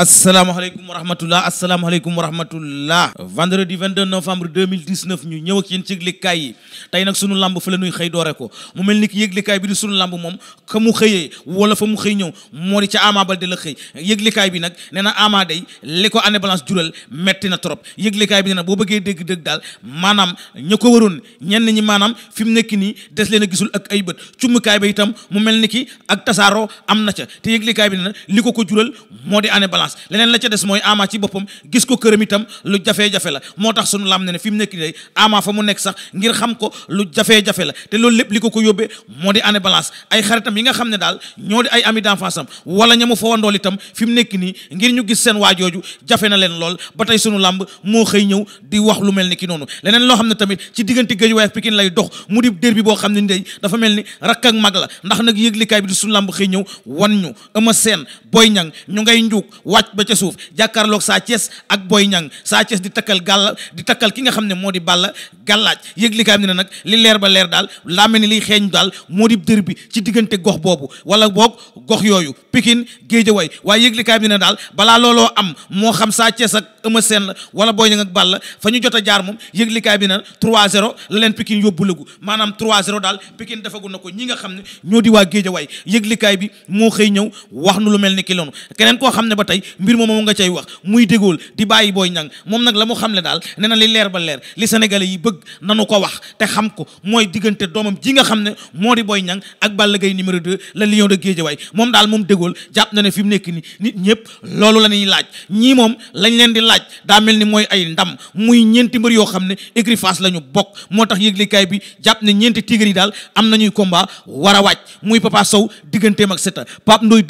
asalaamaaleykum wa rahmatullah asalaamaaleykum wa rahmatullah vendredi 22 novembre 2019 ñu ñëw ak yéen ci yëglikaay yi tey nag sunu lamb fa la nuy xëy doore ko mu mel ni ki yëglikaay bi di sunu lamb moom ka mu xëyee wala fa mu xëy ñëw moo di ca Ama Baldé la xëy yëglikaay bi nag nee na Ama day li ko année balance jural metti na trop kaay bi nag boo bëggee dégg-dégg daal maanaam ña ko waroon ñenn ñi maanaam fi mu nekk nii des leen a gisul ak ay bët cummukaay ba itam mu mel ni ki ak tasaaroo am na ca te yëglikaay bi nee na li ko ko jural moo di année balance violence leneen la ca des mooy ama ci boppam gis ko këram itam lu jafe-jafe la moo tax sunu lam ne ne fi nekk day ama fa mu nekk sax ngir xam ko lu jafe-jafe la te loolu lépp li ko ko yóbbee moo di année balance ay xaritam yi nga xam ne daal ñoo di ay ami d'enfance am wala ñamu fa wandool itam fi mu nekk nii ngir ñu gis seen waajooju jafe na leen lool ba tey sunu làmb moo xëy ñëw di wax lu mel ni ki noonu leneen loo xam ne tamit ci diggante Guédiawaye ak Pikine lay dox mu di boo xam ne dafa mel ni rakk ak mag la ndax nag yëglikaay bi di sunu làmb xëy ñëw wan ñu wàcc ba ca suuf jàkkaarloog Sa ak Boy Niang Sa di takkal gàll di takkal ki nga xam ne moo di Balla gàllaaj yëg li ne nag li leer ba leer daal laa mel ni liy xeeñ daal moo di dër bi ci diggante gox boobu wala boog gox yooyu Pikine Géejawaay waaye yëg li kaay bi na daal balaa looloo am moo xam Sa Thiès ak Eumeu Sène la wala Boy Niang ak Balla fa ñu jot a jaar moom yëg bi na 3-0 la leen Pikine yóbbu lagu maanaam trois 0 daal Pikine defagu na ko ñi nga xam ne ñoo di waa Géejawaay yëg bi moo xëy ñëw wax nu lu mel ni ki keneen koo xam ne ba tey mbir moom nga cay wax muy dégool di bàyyi booy ñang moom nag la mu xamle daal nee na li leer ba leer li sénégalais yi bëgg nanu ko wax te xam ko mooy diggante doomam ji nga xam ne moo di booy ñang ak Balla Gaye numéro 2 la lion de Guédiawaye moom daal moom dégool jàpp na ne fi mu nekk nii nit ñëpp loolu la ñuy laaj ñii moom lañ leen di laaj daa mel ni mooy ay ndam muy ñeenti mbër yoo xam ne écurie Fass la ñu bokk moo tax kaay bi jàpp ne ñeenti tigre yi daal am nañuy combat war a wàaj muy Papa Sow digganteem ak Seta Pape Ndoy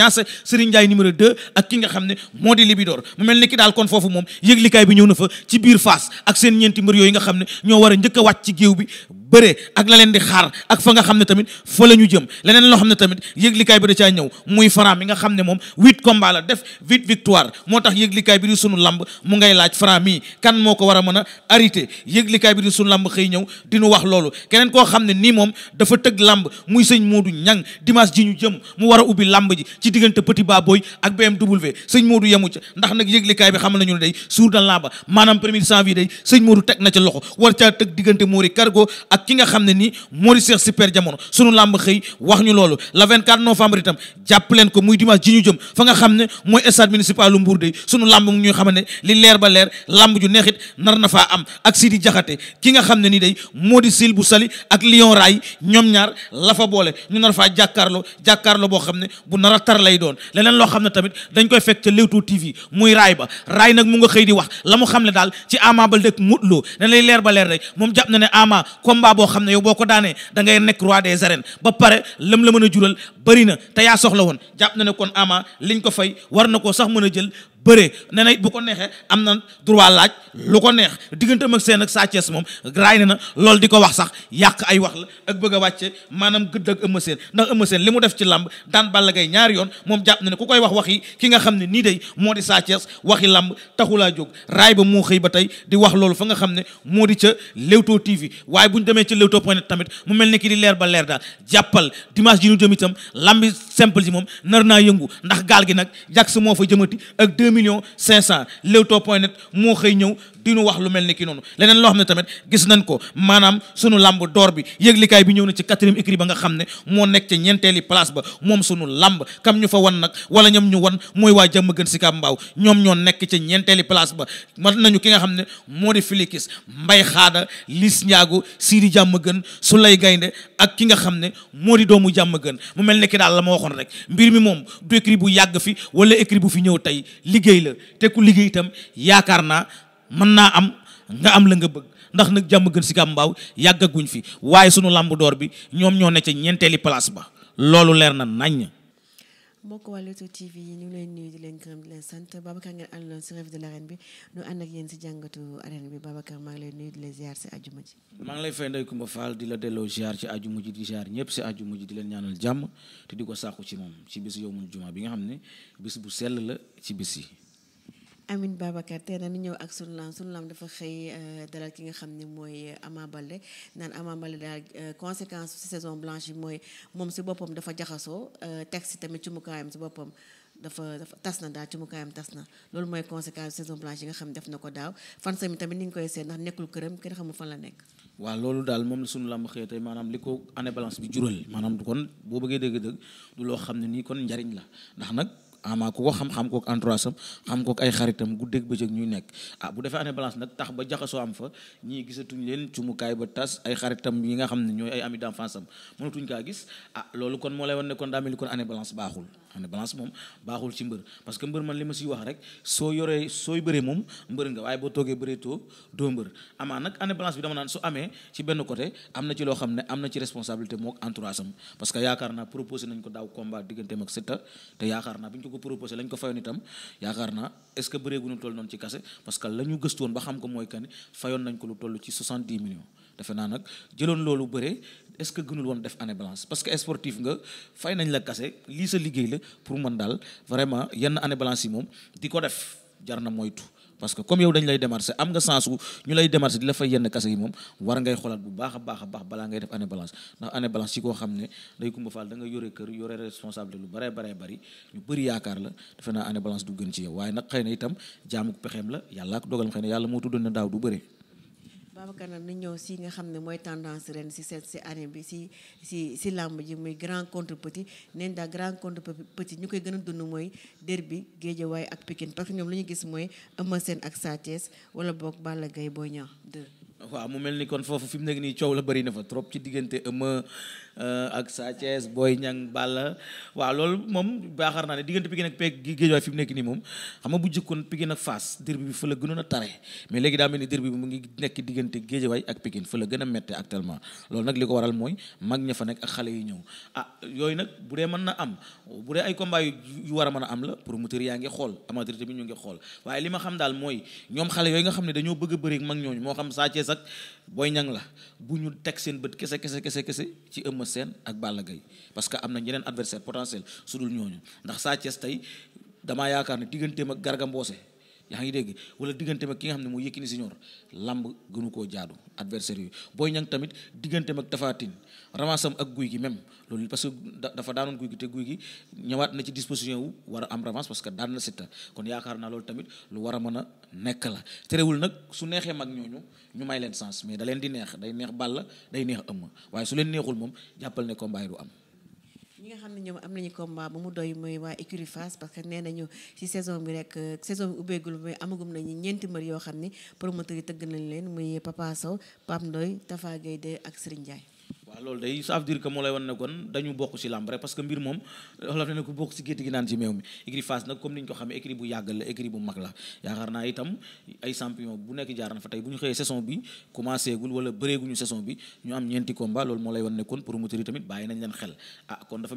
Niass Serigne Ndiaye numéro 2 ak ki nga xam ne moo di Libidor mu mel ni ki daal kon foofu moom yëglikaay bi ñëw na fa ci biir Fass ak seen ñeenti mbër yooyu nga xam ne ñoo war a njëkk a ci géew bi bëre ak la leen di xaar ak fa nga xam ne tamit foo la ñu jëm leneen loo xam ne tamit yëglikaay bi da caa ñëw muy Franc mi nga xam ne moom huit combat la def huit victoire moo tax yëglikaay bi di sunu lamb mu ngay laaj Franc kan moo ko war a mën a arrêté yëglikaay bi di sunu lamb xëy ñëw di nu wax loolu keneen koo xam ne nii moom dafa tëgg làmb muy sëñ Modou Ñang dimanche ji ñu jëm mu war a ubbi làmb ji ci diggante Petit Baboy ak dubul BMW sëñ Modou yemu ca ndax nag yëglikaay bi xam nañu ne day suur na lamba maanaam premier janvier day sëñ Modou teg na ca loxo war caa tëgg diggante Mori Cargo ak ak ki nga xam ne nii moo di Cheikh Super Jamono sunu làmb xëy wax ñu loolu le 24 novembre itam jàpp leen ko muy dimanche ji ñu jëm fa nga xam ne mooy stade municipal lu Mbour de sunu làmb mu ñuy xam ne li leer ba leer làmb ju neexit nar na faa am ak Sidi Jaxate ki nga xam ne nii day moo di Sil bu Sali ak Lion Ray ñoom ñaar la boole ñu nar faa jàkkaarloo jàkkaarloo boo xam ne bu nar a tar lay doon leneen loo xam ne tamit dañ koy fekk ca Leewtoo TV muy ba raay mu nga xëy di wax la xam ne daal ci Ama ba leer rek moom jàpp combat boo xam ne yow boo ko daanee da ngay nekk roi des arènes ba pare lam la mën a jural bëri na te yaa soxla woon jàpp na ne kon ama liñ ko fay war na koo sax mën a jël bëree nee na it bu ko neexee am na droit laaj lu ko neex diggante ak seen ak Sa Thiès moom raay na na loolu di ko wax sax yàq ay wax la ak bëgg a wàcce maanaam gëdd ak Eumeu Sène ndax Eumeu seen li mu def ci làmb daan Balla Gaye ñaari yoon moom jàpp na ne ku koy wax waxi ki nga xam ne nii day moo di Sa Thiès waxi làmb taxulaa jóg raay ba moo xëy ba tey di wax loolu fa nga xam ne moo di ca Leewtoo TV waaye bu ñu demee ca Leewtoo point net tamit mu mel ni kii di leer ba leer daal jàppal dimanche ji ñu jëm itam làmbi simple ji moom nar naa yëngu ndax gaal gi nag jàk moo fa jëmati deux millions cinq cent Leewtoo point net moo xëy ñëw di ñu wax lu mel ni ki noonu leneen loo xam ne tamit gis nañ ko maanaam sunu lamb door bi yëglikaay bi ñëw na ci quatrième écurie ba nga xam ne moo nekk ca ñeenteeli place ba moom sunu lamb kam ñu fa wan nag wala ñoom ñu mooy waa jàmm gën si ñoo nekk ca ñeenteeli place ba nañu ki nga xam ne moo di Félix Mbay Xaada Lis Njaago Sidi jàmm gën su lay gaynde ak ki nga xam ne moo di doomu jàmm gën mu mel ni ki daal la ma waxoon rek mbir mi moom du écurie bu yàgg fi wala écurie bu fi ñëw tey liggéey la te ku liggéey itam yaakaar naa mën naa am nga am la nga bëgg ndax nag jàmm gën si kam mbaaw yàggaguñ fi waaye sunu làmb door bi ñoom ñoo ne ca ñeenteeli place ba loolu leer na nàññ mbokk waa Leewtoo TV yi ñu ngi leen nuyu di leen gërëm di leen sant Babacar ngeen àndaloon si revue de l'arène bi ñu ànd ak yéen si jàngatu arène bi Babacar maa ngi lay nuyu di la ziar si ajuma ji maa ngi lay fay Ndeye Coumba Fall di la delloo ziar ci ajuma ji di ziar ñëpp si ajuma ji di leen ñaanal jàmm te di ko sàkku ci moom ci bis yow mun juma bi nga xam ne bis bu sell la ci bis yi Amine Babacar tey nag ñu ñëw ak sunu laam sunu laam dafa xëy euh, dalal ki nga xam ni mooy Ama Baldé naan Ama Baldé daal euh, conséquence ci saison blanche yi mooy moom si boppam dafa jaxasoo si euh, tamit ci mukaayam si boppam dafa dafa tas na daal ci mukaayam tas na loolu mooy conséquence saison blanche yi nga xam ne def na ko daaw fan sami tamit ni nga koy seet ndax nekkul këram kenn xamul fan la nekk. waaw loolu daal moom la sunu làmb xëy tey maanaam li ko année balance bi jural maanaam kon boo bëggee dëgg-dëgg du loo xam ne kon njariñ la ndax nag. ama ku ko xam-xam kook entourage am xam kook ay xaritam guddeeg bëccëg ñuy nekk ah bu defee année balance nag tax ba jaxasoo am fa ñii gisatuñ leen cumukaay ba tas ay xaritam yi nga xam ne ñooy ay ami d'enfance am mënatuñ kaa gis ah loolu kon moo lay wan ne kon daa mel kon année balance baaxul xam ne balance moom baaxul ci mbër parce que mbër man li ma siy wax rek soo yoree sooy bëree moom mbër nga waaye boo toogee bëree too doo mbër amaa nag année balance bi dama naan su amee ci benn côté am na ci loo xam ne am na ci responsabilité mook entourage am parce que yaakaar naa proposé nañ ko daaw combat digganteem ak Siteu te yaakaar naa bi ñu ko ko proposé lañ ko fayoon itam yaakaar naa est ce que bëree gu ñu toll noonu ci kase parce que la ñu gëstu woon ba xam ko mooy kan fayoon nañ ko lu toll ci 70 millions defe naa est-ce que gënul woon def année blanche parce que sportif nga fay nañ la kase lii sa liggéey la pour man daal vraiment yenn année blanche yi moom di ko def jar na moytu parce que comme yow dañ lay démarché am nga sensu ñu lay démarché di la fay yenn kase yi moom war ngay xoolaat bu baax a baax a baax balaa ngay def année blanche ndax année blanche ci koo xam ne day kumba faal da yore kër yore responsable lu baree baree bari ñu bëri yaakaar la defe naa année blanche du ci yow waaye nag xëy na itam jaamu la yàlla ak yàlla moo tuddoon na daaw du Babacar nag ñu ñëw si nga xam ne mooy tendance ren si seen si année bi si si si làmb ji muy grand contre petit neen daal grand contre petit ñu koy gën a dund mooy derby Guédiawaye ak Pikine parce que ñoom lu ñu gis mooy Eumeu Sène ak Sa Thiès wala boog Balla Gaye Boy Niang 2 waaw mu mel ni kon foofu fi mu nekk nii coow la bëri na fa trop ci diggante Eumeu Euh, ak Sa booy ñan Niang Balla waaw loolu moom baaxaar naa ne diggante Pikine ak peeg Guédiawaye fi mu nekk nii moom xam nga bu jëkkoon Pikine ak Fass derby bi fa la gënoon a tare mais léegi daa mel ni derby bi mu ngi nekk diggante Guédiawaye ak Pikine fa la gën a métte actuellement loolu nag li ko waral mooy mag ña fa nekk ak xale yi ñëw ah yooyu nag bu dee mën na am bu dee ay combat yu war a mën a am la promoteur yaa ngi xool amateur bi ñu ngi xool waaye li ma xam daal mooy ñoom xale yooyu nga xam ne dañoo bëgg bëri mag ñooñu moo xam Sa Thiès ak la bu ñu teg seen bët kese kese kese kese ci ëmma seen ak Balla Gaye parce que am na ñeneen adversaire potentiel su dul ñooñu ndax Sa Thiès tey damaa yaakaar ne digganteem ak Garga Mbossé yaa ngi dégg wala diggante mag ki nga xam ne mooy Yékini senior lamb gënu koo jaadu adversaire yooyu booy Niang tamit diggante mag Tapha Tine am ak guy gi même loolu parce que dafa daanoon guy gi guy gi ñëwaat na ci disposition wu war a am revanche que daan na Siteu kon yaakaar naa loolu tamit lu war a mën a nekk la terewul nag su neexee mag ñooñu ñu may leen sens mais da leen di neex day neex Balla day neex Eumeu waaye su leen neexul moom jàppal ne combat du am ñi nga xam ne ñoom am nañu combat ba mu doy mooy waa écurie Fass parce nee nañu ci saison bi rek euh, saison bi ubbeegul mooy amagum nañu ñeenti mbër yoo xam ne promoteur yi tëgg nañ leen muy Papa Sow Pape Ndoye Tafa Gueye ak Serigne Ndiaye waaw loolu day ça veut dire que moo lay wan ne kon dañu bokk ci làmb rek parce que mbir moom wala ne ko bokk ci gétt gi naan ci meew mi écurie nag comme ni ñu ko bu nekk jaar fa tey bu ñu xëyee saison bi commencé gul wala bëreeguñu saison bi ñu am ñeenti combat loolu moo lay wan ne kon promoteur yi tamit bàyyi nañ leen xel ah kon dafa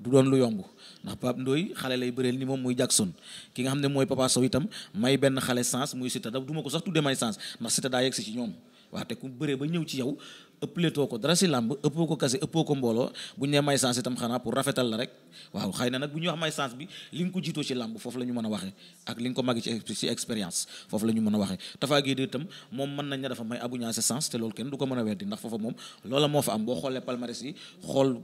doon lu yomb ndax Pape Ndoye xale lay bëreel ni moom muy Jackson ki nga xam ne mooy Papa Sow itam may benn xale sens muy Siteu da du ma ko sax tuddee may sens ndax Siteu daa yegg ci ñoom waaw te ku bëree ba ñëw ci yow ëppletoo ko dara si làmb ëppoo ko kase ëppoo ko mbooloo bu ñu nee may sens itam xanaa pour rafetal la rek waaw xëy na nag bu ñuy wax may sens bi li nga ko jiitoo ci làmb foofu la ñu mën a waxee ak li nga ko màgg ci ci expérience foofu la ñu mën a waxee Tapha Guèye itam moom mën nañ ne dafa may Abou Niasse sens te loolu kenn du ko mën a weddi ndax foofa moom loola moo fa am boo xoolee palmarès yi xool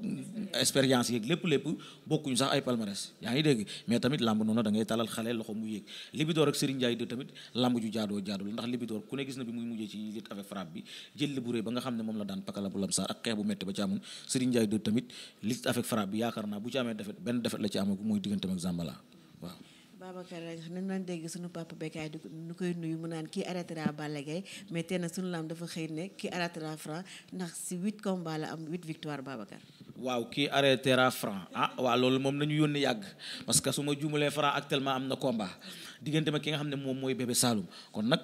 expérience yeeg lépp lépp bokkuñu sax ay palmarès yaa ngi dégg mais tamit làmb noonu da ngay talal xale loxo mu yéeg Libidoor ak Serigne Ndiaye de tamit làmb ju jaadoo jaadul ndax Libidoor ku ne moom la daan pakala bu lamsaar ak xeex bu métti ba ci amoon Serigne Ndiaye do tamit lutte avec frappe bi yaakaar naa bu ci amee defet benn defet la ci amagu mooy digganteem ak Zambala waaw Babacar nañ laan dégg suñu papa Bécaye di nu koy nuyu mu laam dafa xëy ne kii arrêtera Franc ndax si huit combats la am huit victoire Babacar waaw kii arrêtera Franc ah waaw loolu moom nañu yónni yàgg parce su ma juumalee Franc actuellement am na combat diggante ma ki nga xam ne moom mooy bébé Saloum kon nag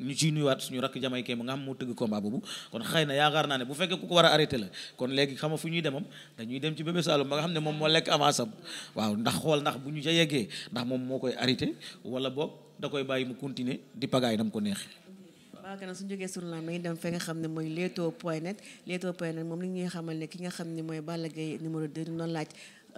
ñu ciy nuyuwaat suñu rakk jamaykee ba nga xam moo tëgg combat boobu kon xëy na yaakaar naa ne bu fekkee ku ko war a arrêté la kon léegi xam nga fu ñuy demam dañuy dem ci bébé Saloum ba moom moo koy arrêté wala boog da koy bàyyi mu continuer di pagaay nam ko neexee. waaw kanam su ñu sunu laam dañuy dem fi nga xam ne mooy Leewtoo point net Leewtoo point net moom li ñuy xamal ne ki nga xam ne mooy Balla Gaye numéro 2 noonu laaj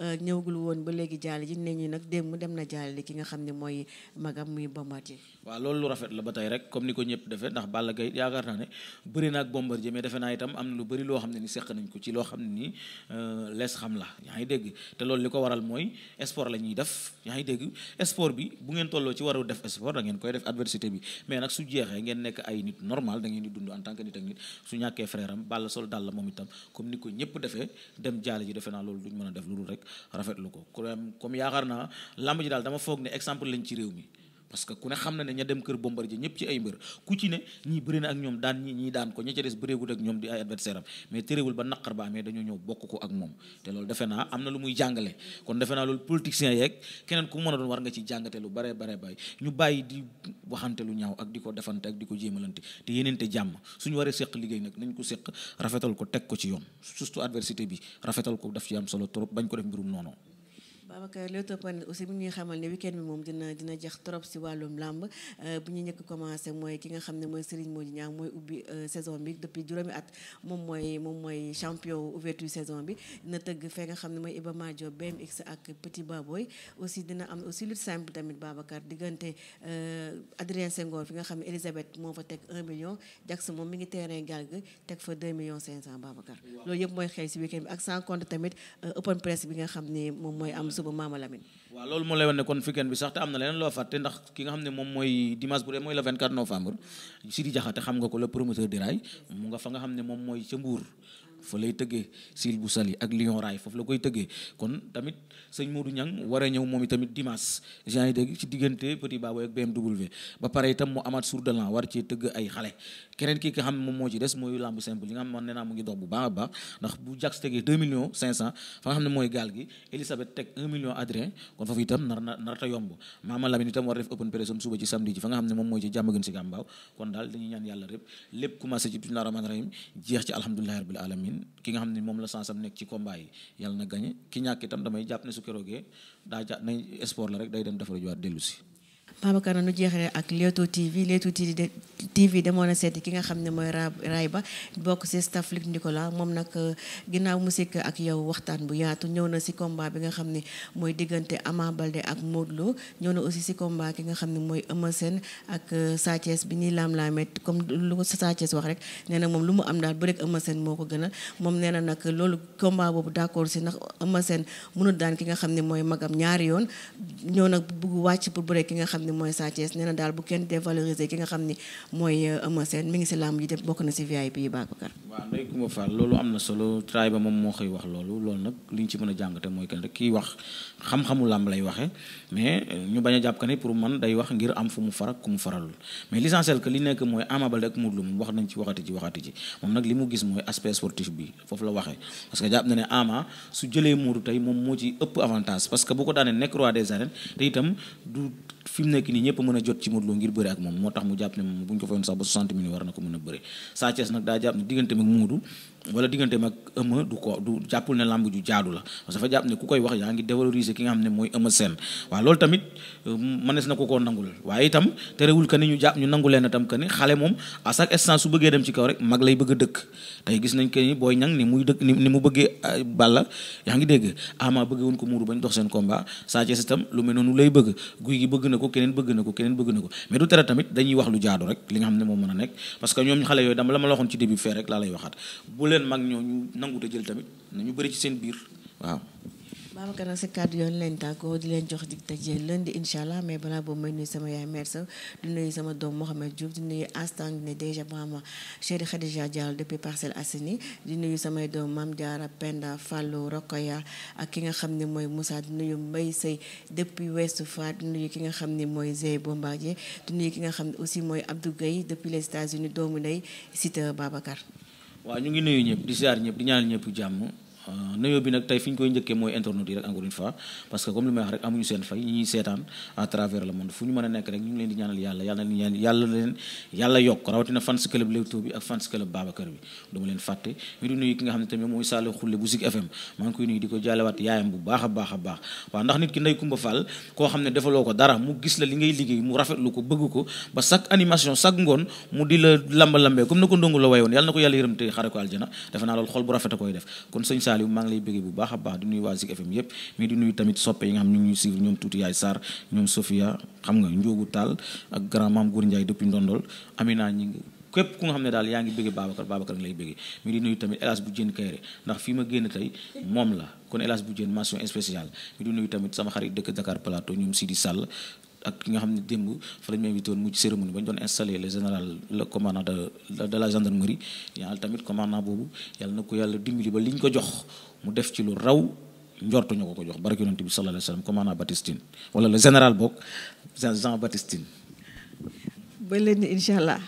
Euh, ñëwagul woon ba léegi jaale ji nee ñi nag démb dem na jaale ki nga xam ne mooy magam muy Bombardier waaw loolu lu rafet la ba tey rek comme ni ko ñëpp defee ndax Balla Gaye yaakaar naa ne bëri naag Bombardier mais defe itam am na lu bëri loo xam ne ni seq nañ ko ci loo xam ne nii euh, lees xam la yaa ngi dégg te loolu li ko waral mooy sport la def yaa ngi dégg sport bi bu ngeen tolloo ci waru def ngeen koy def adversité bi mais nag su jeexee ay nit normal da ngeen di dund en tant que nit ak nit su ñàkkee frère comme ni ko ñëpp defee dem jaale ji defe naa loolu duñ mën a def lu dul rek rafetlu ko comme yaakaar naa làmb ji daal dama foog ne exemple lañ ci réew mi parce que ku ne xam na ne ña dem kër Bombardier ñëpp ci ay mbër ku ci ne ñii bëri na ak ñoom daan ñii daan ko ña ca des bëreegut ak ñoom di ay adversaire am mais téréwul ba naqar ba amee dañoo ñëw bokk ko ak moom te loolu defe naa am na lu muy jàngale kon defe naa loolu politiciens yeeg keneen ku mën a doon war nga ci jàngate lu bare bare bay ñu bàyyi di waxante lu ñaaw ak di ko defante ak di ko jéemalante te yenente jàmm suñu waree seq liggéey nag nañ ko seq rafetal ko teg ko ci yoon surtout adversité bi rafetal ko daf ci am solo trop bañ ko def mbirum noonu Babacar Leewtoo point aussi bu ñuy xamal ne week bi moom dina dina jeex trop si wàllum làmb euh, bu ñu njëkk commencé mooy ki nga xam ne mooy Serigne Modou Niang mooy ubbi euh, saison bi depuis juróomi at moom mooy moom mooy champion ouverture saison bi dina tëgg fee nga xam ne mooy Iba Mar Diop BMX ak Petit dina am aussi lutte simple tamit Babacar diggante euh, Adrien Senghor fi nga xam ne Elisabeth moo fa teg million Jackson moom mi ngi terrain gal teg fa 2 millions 500 Babacar loolu yëpp mooy xëy si week bi ak sans compte tamit open press bi nga xam ne moom mooy am bu Maama Lamine. waaw loolu moo lay wan ne kon weekend bi sax te am na leneen loo fàtte ndax ki nga xam ne moom mooy dimanche bu dee mooy le 24 novembre Sidi Diakhaté xam nga ko le promoteur de mu nga fa nga xam ne moom mooy ca Mbour fa lay tëggee Sile bu Sali ak Lion Rail foofu la koy tëggee kon tamit sëñ Modou Niang war a ñëw moom itamit dimanche jan yi dégg ci diggante Petit Baboy ak BMW ba pare itam mu moo ci des mooy a jeex ci alhamdulilahi rabbil alamin ki nga xam ne moom la sens am nekk ci combat yi yàlla na gañe ki ñàkk itam damay jàpp ne su keroogee daa jàpp nañ sport la rek day dem defarajuwaat dellu si Babacar nu jeexalee ak Leewtoo TV Leewtoo TV demoon na seeti ki nga xam ne mooy Rayba bokk ci staff Luc Nicolas moom nag euh, mu musique ak yow waxtaan bu yaatu ñëw na si combat bi nga xam ne mooy diggante Ama Baldé ak Modou Lo ñëw na aussi ci combat ki nga xam ne mooy Eumeu Sène ak euh, Sa Thiès bi ñuy laam comme lu ko Sa wax rek nee na moom lu mu am daal bu rek Eumeu moo ko gënal moom nee na nag loolu combat boobu d'accord ci ndax Eumeu Sène mënul daan ki nga xam ne mooy magam ñaari yoon ñëw nag bugg wàcc pour bu ki nga xam ne mooy Sa Thiès nee na daal bu kenn dévaloriser ki nga xam ne mooy euh, Eumeu Sène mi ngi si làmb ji dem bokk na si VIP yi Babacar waaw Ndeye am na solo traay ba moom moo koy wax loolu loolu nag li ñu ci mën a jàngate mooy kenn rek kiy wax xam-xamu làmb lay waxee mais euh, ñu bañ a jàpp que ne pour man day wax ngir am fu mu farak ku mu faralul mais l'essentiel que li nekk mooy Ama Baldé ak Modou Lô moom wax nañ ci waxati ci waxati ci moom nag li mu gis mooy aspect sportif bi foofu la waxee parce que jàpp na ne Ama su jëlee Modou tey moom moo ci ëpp avantage parce que bu ko daanee nekk roi des arènes te itam fi mu nekk nii ñëpp mën a jot ci Modou ngir bëre ak moom moo tax mu jàpp ne moom bu ñu ko fayoon sax ba 60 millions war na ko mën a bëre Sa Thiès nag daa jàpp ne diggante mag Modou wala diggante mag Eumeu du ko du jàppul ne làmb ju jaadu la parce dafa jàpp ne ku koy wax yaa ngi dévaloriser ki nga xam ne mooy Eumeu Sène waaw loolu tamit euh, mënees na ko koo nangul waaye itam terewul que ñu jàpp ñu nangu leen itam que ni xale moom à chaque instant su bëggee rek mag lay bëgg a dëkk tey gis nañ ni Boy Niang ni ni mu bëggee euh, Balla ngi dégg Ama bëggee woon ko muuru lu mel noonu lay bëgg guy gi bëgg na ko keneen bëgg na ko keneen bëgg na ko mais du a nekk parce ñoom xale yooyu dama la ma waxoon ci début fee rek laa lay waxaat leen mag ñooñu nanguta jël tamit nañu bëri ci seen biir waaw. Babacar ak sa kàddu yoon leen tàggoo di leen jox dig daje lundi incha allah mais balaa boobu may nuyu sama yaay mère Sow di nuyu sama doom Mouhamed Diouf di nuyu Astang ne dèjà di nuyu samay doom Mame Diarra Penda Fallou Rokhaya ak ki nga xam ne mooy Moussa di nuyu Mbaye Sey depuis Ouest Foire di nuyu ki nga xam ne mooy Zey Bombardier di nuyu ki nga xam ne aussi mooy Abdou Gueye depuis les États-Unis doomu ndey Siteu Babacar. waaw ñu ngi nuyu ñëpp di siyaar ñëpp di ñaanal ñëpp jàmm Euh, nuyoo bi nag tey fi ñu koy njëkkee mooy internet yi rek amuñu seen fay ñuy seetaan à travers le monde fu ñu mën a nekk rek ñu ngi leen di ñaanal yàlla yàlla yokk rawatina fans club Leewtoo bi ak fans club Babacar bi duma leen fàtte mi di nuyu ki nga xam ne tamit mooy Saliou Khoule bu Zik FM maa ngi koy di ko jaalewaat yaayam bu baax a baax a baax waaw ndax nit ki Ndeye Coumba Fall koo xam ne defaloo ko dara mu gis la li ngay liggéey mu rafetlu ko bëgg ko ba chaque animation chaque ngoon mu Saliou maa ngi lay bëggee bu baax a baax di nuyu waa Zik FM yëpp mais di nuyu tamit soppe yi nga xam ñu ngi gu taal ñoom tuuti yaay Sarr ñoom Sofia xam nga Ndiogu Tall ak grand maam Gour Ndiaye depuis Ndondol Amina ñi ngi képp ku nga xam ne daal yaa ngi bëggee Babacar Babacar nga lay bëggee mais di nuyu tamit Elas bu jën Kayre ndax fii ma génn tey moom la kon Elas bu jën mention spéciale mi di nuyu tamit sama xarit dëkk Dakar Plateau ñoom Sidi Sall ak ki nga xam ne démb fa la ñu invité woon mu cérémonie ba ñu doon installé le général le commandant de de la gendarmerie yàlla tamit commandant boobu yàlla na ko yàlla dimbali ba li ñu ko jox mu def ci lu raw njortu ñu ko ko jox barke yonent bi sallallahu alayhi wa sallam commandant wala le général boog Jean Baptistine. ba leen incha allah.